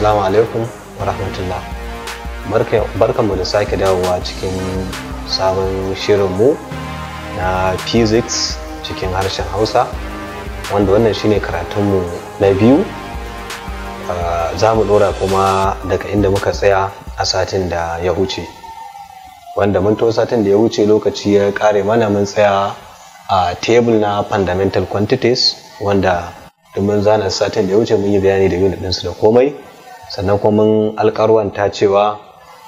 Assalamu alaikum wa rahmatullah. Barkanmu da sake dawowa cikin sabon shirin mu na physics cikin harshen Hausa wanda wannan shine karatunmu na biyu za mu dora kuma daga inda muka tsaya a satin da ya huce. wanda mun to satin da ya huce lokaci ya kare mana mun tsaya a table na fundamental quantities wanda domin zanen satin da ya wuce mun yi bayani da unit ɗinsu da komai sannan kuma mun alkarwanta cewa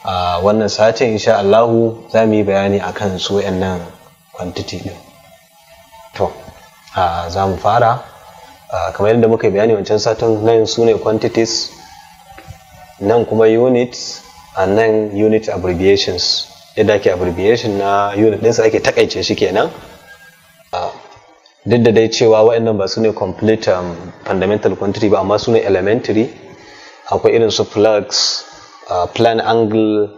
a wannan satin insha Allahu za mu yi bayani akan su nan kwantiti din to za mu fara kamar yadda muka yi bayani wancan satin nan su ne quantities nan kuma units a nan unit abbreviations yadda ake abbreviation na unit ɗinsa ake takaice shi kenan duk da dai cewa waɗannan ba su ne complete um, fundamental quantity ba amma su ne elementary akwai irin su flux plan angle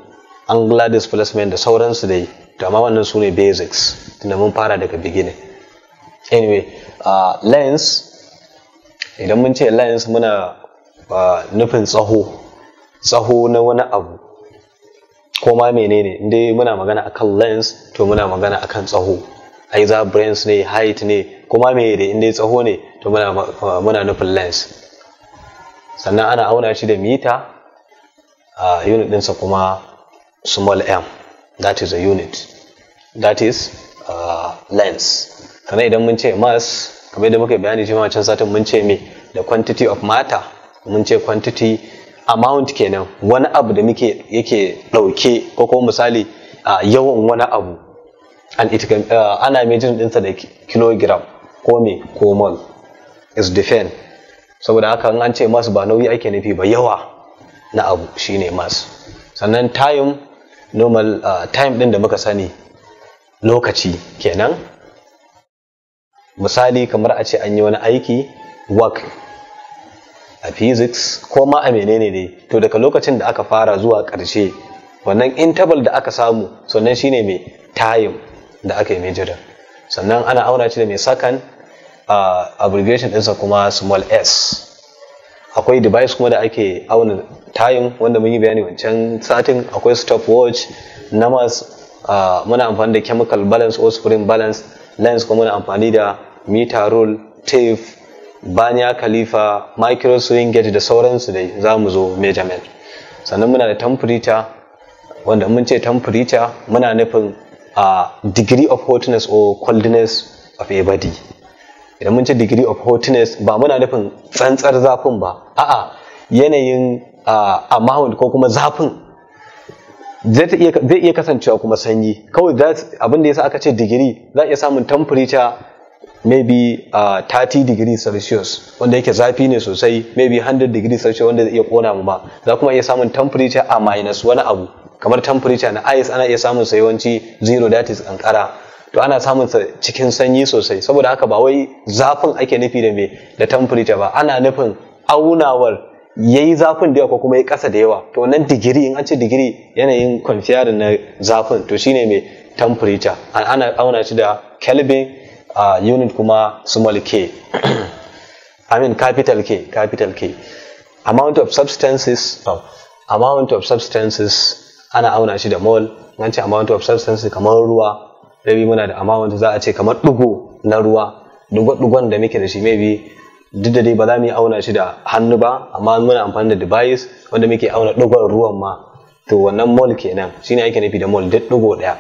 angular displacement da sauransu dai to amma wannan su ne basics tunda mun fara daga beginning anyway uh, lens idan mun ce lens muna nufin tsaho tsaho na wani abu ko ma menene inda muna magana akan lens to muna magana akan tsaho ai za brains ne height ne Ko me menene inda tsaho ne to muna nufin lens sannan ana auna shi da mita a unit ɗinsa kuma small m that is a unit that is uh, lens sannan idan mun ce mass kamar yadda muka bayani shi can satin mun ce me da quantity of matter mun ce quantity amount kenan wani abu da muke yake ɗauke ko kuma misali yawan wani abu and it ana mijin ɗinsa da kilogram ko me ko mol is defined saboda haka an ce masu ba nauyi ake nufi ba yawa na abu shine masu sannan time normal uh, time din da muka sani lokaci kenan misali kamar a ce an yi wani aiki work a physics ko ma a menene ne to daga lokacin da aka fara zuwa ƙarshe wannan interval da aka samu sannan shine mai time da aka yi mejirin sannan ana auna shi da mai sakan abbreviation ɗinsa kuma small s akwai device kuma da ake auna tayin wanda mun yi bayani wancan satin akwai stopwatch namas muna amfani da chemical balance or spring balance lens kuma muna amfani da meter rule tape banya khalifa micro swing gate da sauransu dai za mu zo measurement sannan muna da temperature wanda mun ce temperature muna nufin a degree of hotness or coldness of a body idan mun ce degree of hotness ba muna nufin tsantsar zafin ba a'a yanayin amount ko kuma zafin zai iya kasancewa kuma sanyi kawai abin da ya sa aka ce digiri za a iya samun temperature maybe uh, 30 degrees celsius wanda yake zafi ne sosai maybe 100 degrees celsius wanda zai iya kona mu ba. za kuma iya samun temperature a minus wani abu kamar temperature na ice ana iya samun sa yawanci 0 that is kankara to ana samun sa cikin sanyi sosai saboda haka ba wai zafin ake nufi da me da temperature ba ana nufin aunawar yayi zafin da yawa ko kuma ya kasa da yawa to wannan digiri in an ce digiri yanayin kwamfiyar na zafin to shine mai temperature ana auna shi da kelvin a unit kuma small k i mean capital k capital k amount of substances amount of substances ana auna shi da mole an ce amount of substances kamar ruwa maybe muna da amma za a ce kamar ɗigo na ruwa dugo dugon da muke da shi maybe duk da dai ba za mu yi auna shi da hannu ba amma muna amfani da device wanda muke auna dugon ruwan ma to wannan mol kenan shine ake nufi da mol duk dugo ɗaya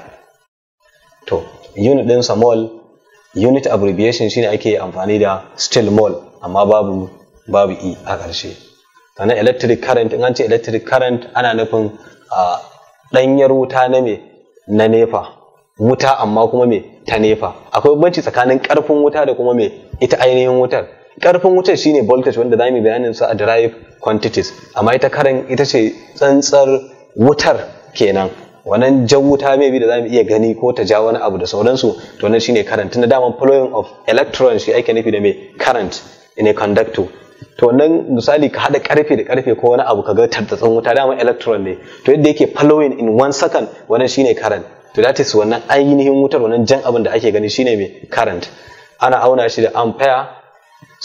to unit sa mol unit abbreviation shine ake amfani da still mol amma babu babu e a ƙarshe sannan electric current in an ce electric current ana nufin ah, ɗanyar wuta na me na nefa wuta amma kuma me ta nefa akwai banci tsakanin karfin wuta da kuma me ita ainihin wutar karfin wutar shine voltage wanda zamu bayanin sa a drive quantities amma ita karan ita ce tsantsar wutar kenan wannan jan wuta mai bi da zamu iya gani ko ta ja wani abu da sauransu to nan shine current na daman flowing of electrons shi ake nufi da me current in a conductor to wannan misali ka hada karfe da karfe ko wani abu ka ga tartatsan wuta ma electron ne to yadda yake following in one second wannan shine current to that is wannan ainihin wutar wannan jan abin da ake gani shine mai current ana auna shi da ampere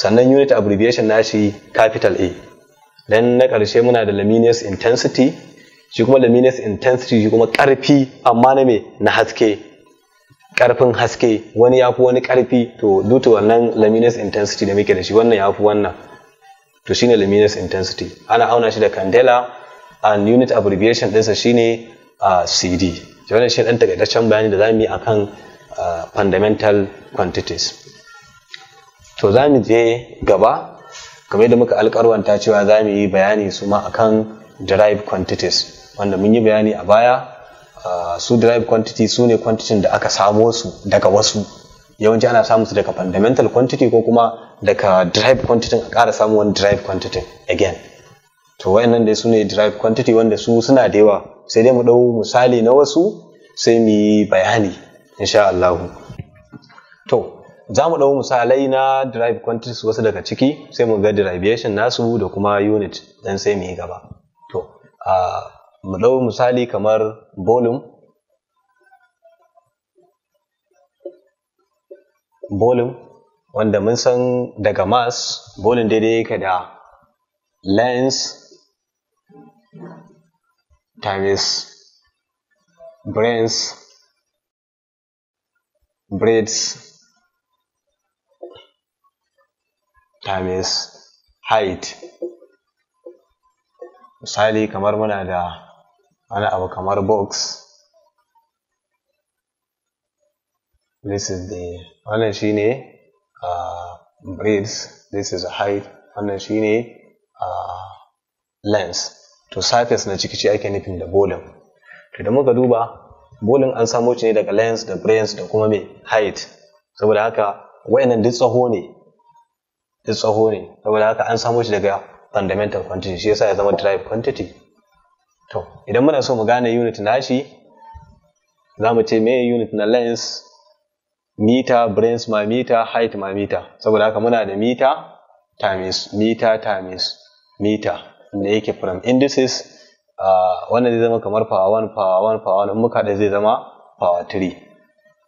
sannan unit abbreviation shi capital A dan na ƙarshe muna da luminous intensity shi kuma luminous intensity shi kuma ƙarfi amma na me na haske ƙarfin haske wani ya fi wani ƙarfi to due wannan luminous intensity da muke da shi wannan ya fi wannan to shine luminous intensity ana auna shi da candela and unit abbreviation ɗinsa shine a uh, CD wannan shi ɗan takaitaccen bayani da za mu yi akan fundamental quantities to za mu je gaba game da muka alkarwanta cewa za mu yi bayani su ma akan derived quantities wanda mun yi bayani a baya su derived quantity su ne quantity da aka samo su daga wasu yawanci ana samun su daga fundamental quantity ko kuma daga derived quantity a ƙara samu wani derived quantity again to wayannan dai su ne derived quantity wanda su suna da yawa sai dai mu ɗau misali na wasu sai mu yi bayani insha Allah to za mu ɗau misalai na drive quantities wasu daga ciki sai mu ga derivation nasu da kuma unit dan sai mu yi gaba to mu ɗau misali kamar volume volume wanda mun san daga mass volume daidai yake da lens Davis brains breeds Davis height misali kamar muna da Ana abu kamar box this is the wannan shine uh, breeds this is a height wannan shine uh, lens to surface na ciki ce ake nufin da bolin to da muka duba bolin an samo shi ne daga lens da brains da kuma mai height saboda haka wayannan duk tsaho ne duk tsaho ne saboda haka an samo shi daga fundamental quantity shi yasa ya zama drive quantity to idan muna so mu gane unit na shi za mu ce me unit na lens meter, brains ma meter, height ma meter. saboda haka muna da meter times meter times meter. da yake Prime indices wannan zai zama kamar power 1 power 1 power 1 in muka da zai zama power 3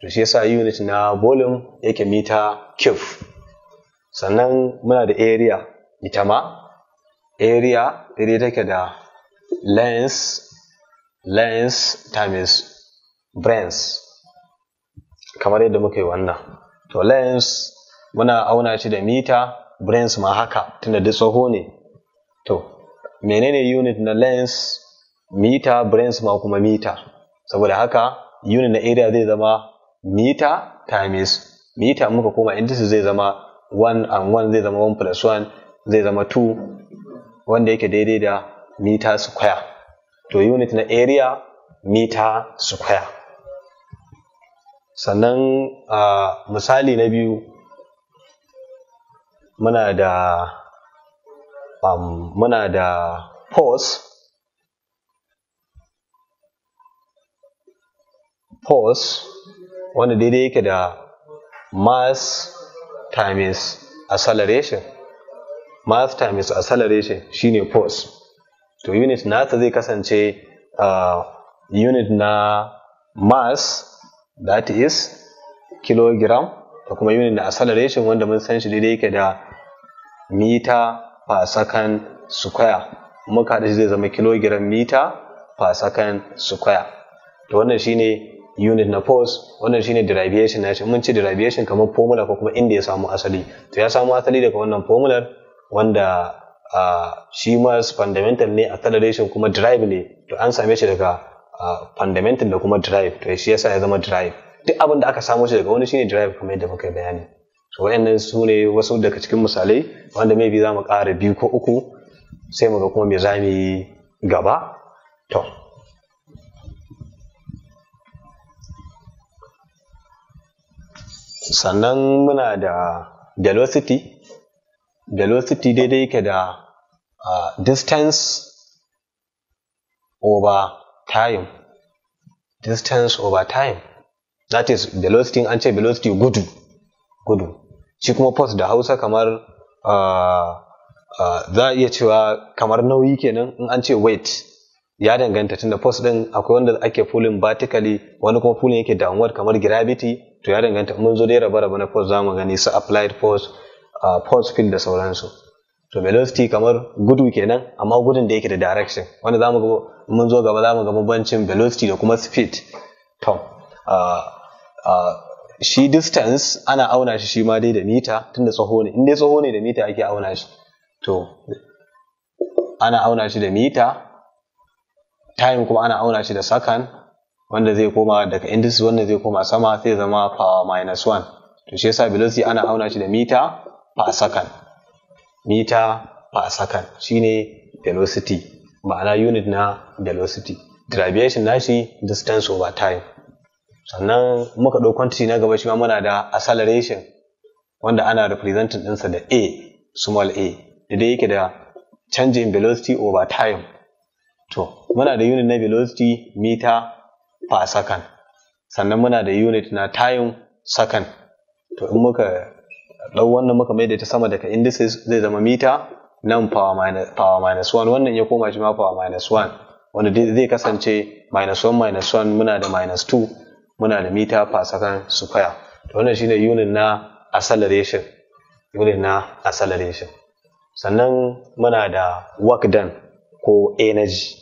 to shi yasa unit na volume yake mita cube sannan muna da area ita ma area iri take da lens lens times brains kamar yadda muka yi wannan to lens muna auna shi da mita brains ma haka tunda da tsoho ne to menene unit na lens mita brains ma kuma mita saboda haka unit na area zai zama mita times mita muka koma indices zai zama 1 and 1 zai zama 1 plus 1 zai zama 2 wanda yake daidai da mita square to unit na area mita square sannan uh, misali na biyu muna da um, muna da pause pause wanda daidai yake da mass times acceleration mass times acceleration shine pause to unit nasa zai kasance uh, unit na mass that is kilogram da kuma unit na acceleration wanda mun san shi daidai yake da mita fasakan square muka da zai zama kilogram mita fasakan square to wannan shine unit na force wannan shine derivation na shi mun ci derivation kamar formula ko kuma inda ya samu asali to ya samu asali daga wannan formula wanda shi ma fundamental ne acceleration kuma drive ne to an same shi daga fundamental da kuma drive to shi yasa ya zama drive duk abin aka samu shi daga wani shine drive kamar yadda muka bayani wayannan su ne wasu daga cikin misalai wanda maybe za mu ƙara biyu ko uku sai mu ga kuma me za mu yi gaba to sannan muna da velocity velocity daidai yake da uh, distance over time distance over time that is velocity an ce velocity gudu gudu shi kuma post da hausa kamar za a iya cewa kamar nauyi kenan in an ce wait ya danganta tunda post din akwai wanda ake fulin vertically wani kuma fulin yake downward kamar gravity to ya danganta mun zo dai raba-raba na post zamu gani su applied post post field da sauransu to velocity kamar gudu kenan amma gudun da yake da direction wanda zamu ga mun zo gaba zamu ga bambancin velocity da kuma speed to shi distance ana auna shi shi ma dai da mita tunda tsaho ne in dai tsaho ne da mita ake auna shi to ana auna shi da mita time kuma ana auna shi da second wanda zai koma daga indices wanda zai koma sama sai zama power minus 1 to shi yasa velocity ana auna shi da mita per second mita per second shine velocity ma'ana unit na velocity derivation nashi distance over time sannan muka ɗau quantity na gaba shi ma muna da acceleration wanda ana representing ɗinsa da a small a da dai yake da changing velocity over time to muna da unit na velocity meter per second sannan muna da unit na time second to in muka ɗau wannan muka mai da ta sama daga indices zai zama mita nan power minus, power minus 1 wannan ya koma shi ma power minus 1 wanda zai kasance minus 1 minus 1 muna da minus 2 muna da mita fasakan second square to wannan shine unit na acceleration unit na acceleration sannan muna da work done ko energy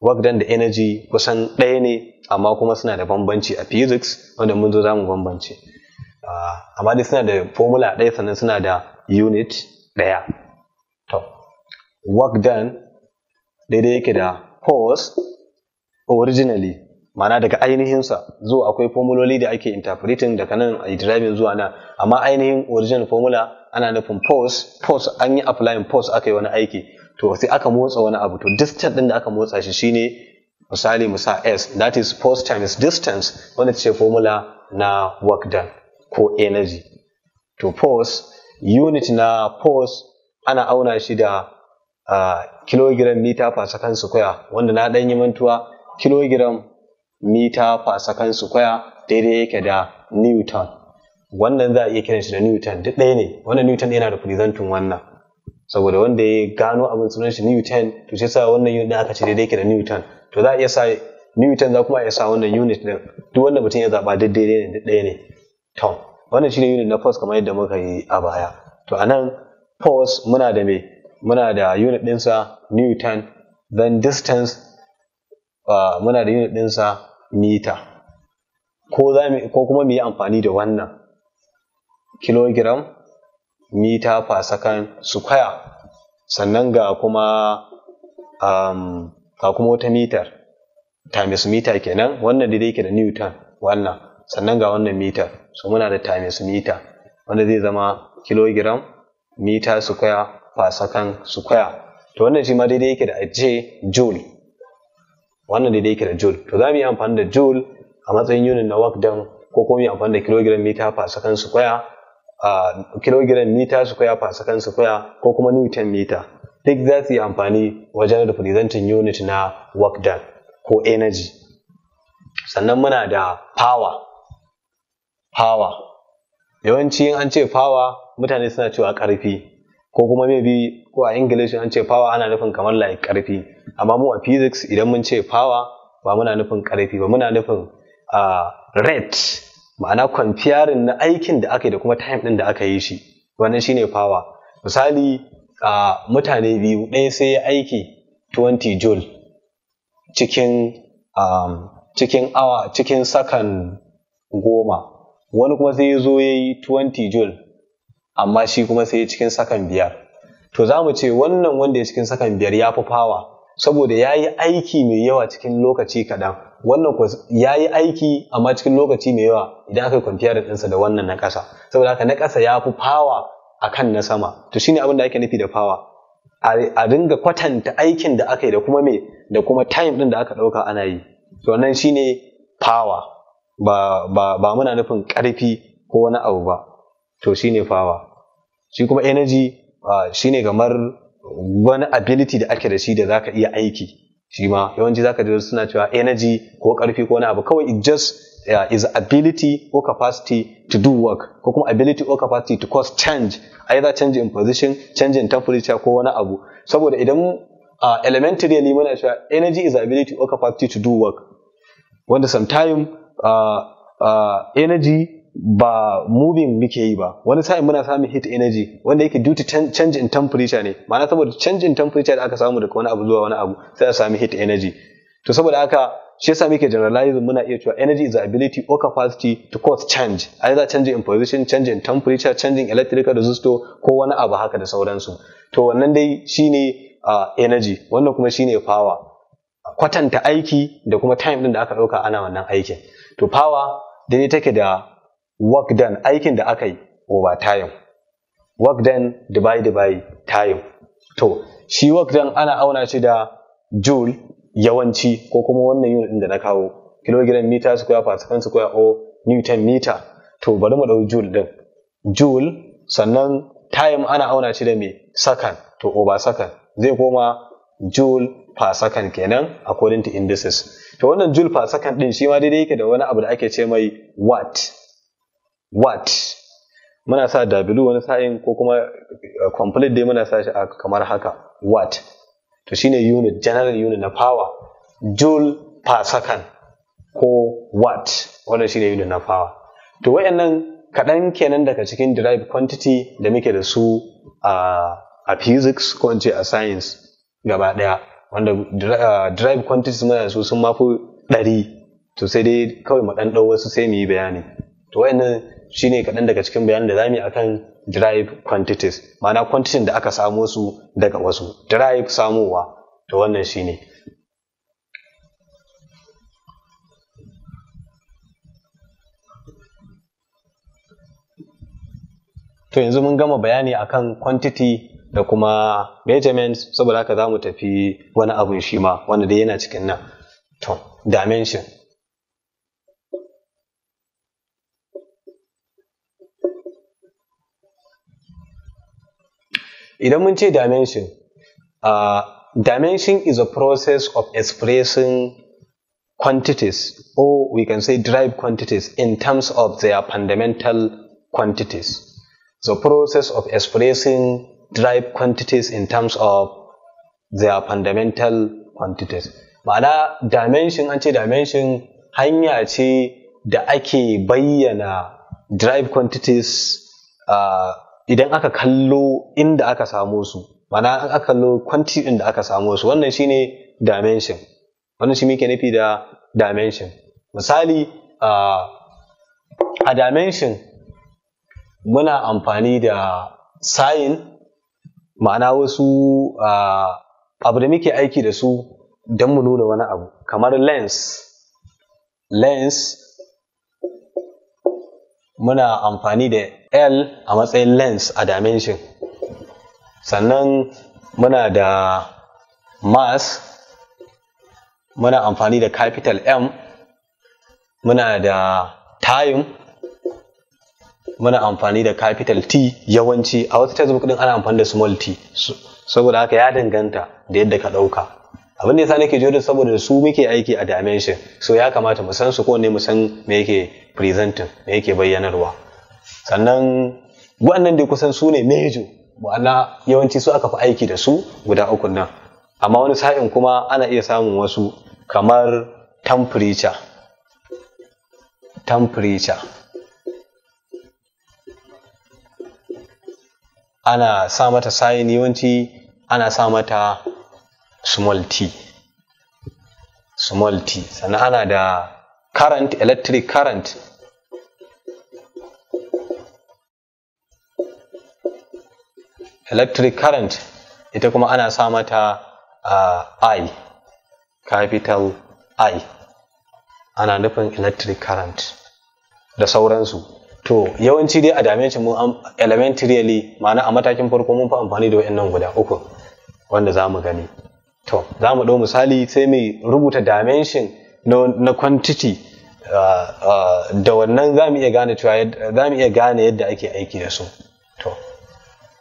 work done da energy kusan ɗaya ne amma kuma suna da bambanci a physics wanda mun zo zamu bambance ah, amma dai suna da formula ɗaya sannan suna da unit ɗaya to work done daidai yake da force originally ma'ana daga ainihin sa zuwa akwai formuloli da ake interpreting daga nan a driving zuwa nan amma ainihin original formula ana nufin force. Force, an yi applying force aka yi wani aiki to sai aka motsa wani abu to distance din da aka motsa shi shine misali musa sa s that is force times distance wanda ce formula na work done ko energy to force, unit na force ana auna shi da uh, kilogram meter per second square wanda na ɗan yi mantuwa kilogram mita kwasa kan square daidai yake da newton wannan za a iya kiran shi da newton duk ɗaya ne wannan newton yana da kurizantin wannan saboda wanda ya gano abin sunan shi newton to sai sa wannan unit aka ce daidai yake da newton to za a iya sa newton za kuma a iya sa wannan unit din duk wanda mutum ya zaba duk daidai ne duk ɗaya ne to wannan shine unit na force kamar yadda muka yi a baya to anan force muna da me muna da unit ɗinsa newton then distance uh, muna da unit ɗinsa mita ko kuma mu yi amfani da wannan kilogiram mita per second square sannan ga kuma um, ga kuma wata mitar times mita kenan wannan da yake da newton wannan sannan ga wannan mitar so muna da times mita wanda zai zama kilogiram mita square fasakan second square to wannan shi ma daidai yake da aje joule wannan daidai yake da joule to za mu yi amfani da joule a matsayin unit na work done ko kuma yi amfani da kilogram mita per second square a kilogram mita square per second square ko kuma newton mita duk za su yi amfani wajen representing unit na work done ko energy sannan muna da power power yawanci an ce power mutane suna cewa ƙarfi ko kuma maybe ko a Ingilishi an ce power ana nufin kamar like karfi amma mu a physics idan mun ce power ba muna nufin karfi ba muna nufin rate ma'ana comparing na aikin da aka yi da kuma time din da aka yi shi wannan shine power misali mutane biyu ɗaya sai ya aiki 20 joule cikin cikin awa cikin sakan goma wani kuma sai ya zo ya yi 20 joule amma shi kuma sai cikin sakan biyar to za mu ce wannan wanda ya cikin sakan biyar ya fi fawa saboda ya yi aiki mai yawa cikin lokaci kaɗan wannan ya yi aiki amma cikin lokaci mai yawa idan aka yi kwamfiyarin ɗinsa da wannan na ƙasa saboda haka na ƙasa ya fi fawa a kan na sama to shi ne abin da ake nufi da fawa a ringa kwatanta aikin da aka yi da kuma me da kuma time ɗin da aka ɗauka ana yi to nan shine fawa ba, ba, muna nufin ƙarfi ko wani abu ba to shi ne fawa shi kuma energy ah, shine kamar wani ability da ake da shi da zaka iya aiki shi ma yawanci zaka ji suna cewa energy ko karfi ko wani abu kawai it just ah, is ability or capacity to do work ko kuma ability or capacity to cause change either change in position change in temperature ko wani abu saboda idan uh, elementarily muna cewa energy is ability or capacity to do work wanda sometime uh, energy ba moving muke yi ba wani sa'in muna samun heat energy wanda yake due to change in temperature ne ma'ana saboda change in temperature da aka samu daga wani abu zuwa wani abu sai a sami heat energy to saboda haka shi yasa muke generalizing muna iya cewa energy is the ability or capacity to cause change either change in position change in temperature change in electrical resistor ko wani abu haka da sauransu to wannan dai shine uh, energy wannan kuma shine power kwatanta aiki da kuma time din da aka dauka ana wannan aikin to power dai take da work done aikin da aka yi over time work done divided by time to shi work done ana auna shi da joule yawanci ko kuma wannan unit din da na kawo kilogram meter square per second square or newton meter to bari mu dau joule din joule sannan time ana auna shi da me second to over second zai koma joule per second kenan according to indices to wannan joule per second din shi ma daidai yake da wani abu da ake ce mai watt what muna sa dabilu wani sa'in ko kuma uh, complete dai muna sa shi a kamar haka what to shine unit general unit na power joule per second ko watt wannan shine unit na power to wayannan kaɗan kenan daga cikin derived quantity da muke da su a a physics ko in ce a science gaba ɗaya wanda uh, derived quantities muna da su sun mafi ɗari to sai dai kawai mu ɗan ɗau wasu sai mu yi bayani to wayannan shine kaɗan daga cikin bayan da zamu yi kan drive quantities ma'ana quantities da aka samo su daga wasu drive samowa to wannan shine to yanzu mun gama bayani akan quantity da kuma measurements saboda haka za mu tafi wani abun shi ma wanda dai yana cikin nan to dimension idan mun ce dimension uh, dimension is a process of expressing quantities or we can say derived quantities in terms of their fundamental quantities the process of expressing derived quantities in terms of their fundamental quantities ma'ana dimension an ce dimension hanya ce da ake bayyana derived quantities uh, idan aka kallo inda aka samo su mana aka kallo kwanti inda aka samo su wannan shine dimension wannan shi muke nufi da dimension misali a dimension muna amfani da sign ma'ana wasu abu da muke aiki da su don mu nuna wani abu kamar lens lens muna amfani da L a matsayin lens a dimension sannan muna da mass muna amfani da capital M muna da time muna amfani da capital T yawanci a wata textbook din ana amfani da small t saboda haka ya danganta da yadda ka ɗauka abin da yasa ke jodin saboda su muke aiki a dimension so ya kamata mu san su ko ne mu san me yake presenting me yake bayyanarwa sannan waɗannan da kusan su ne major ma'ana yawanci su aka fi aiki da su guda uku nan amma wani sa'in kuma ana iya samun wasu kamar temperature temperature ana sa mata sayin yawanci ana sa mata small t small t sannan ana da current electric current electric current ita kuma ana sa mata uh, i capital i ana nufin electric current da sauransu to yawanci dai a dimension mu elementarily ma'ana a matakin farko mun fi amfani da wayannan guda uku wanda za mu gani to za mu ɗau misali sai mai rubuta dimension na quantity uh, uh, da wannan za mu iya gane cewa za mu yadda ake aiki da su to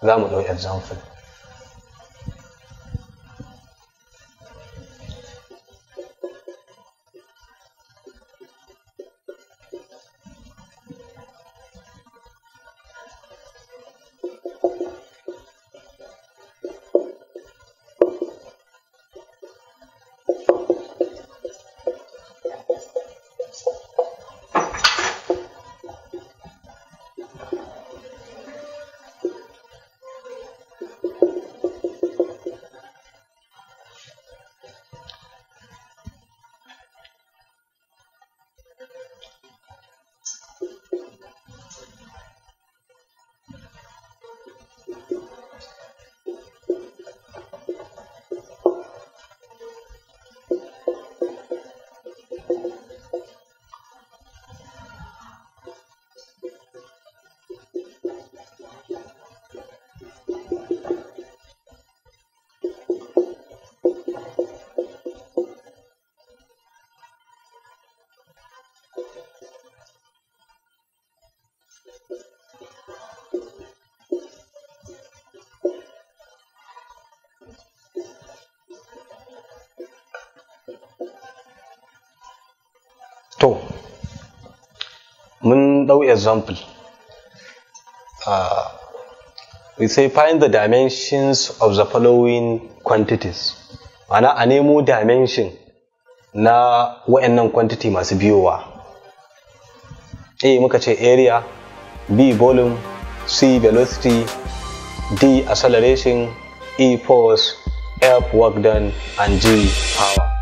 za mu ɗau example dau example uh, we say find the dimensions of the following quantities ana a nemo dimension na wa'annan quantity masu biyowa a muka ce area b volume c velocity d acceleration e force f work done and g power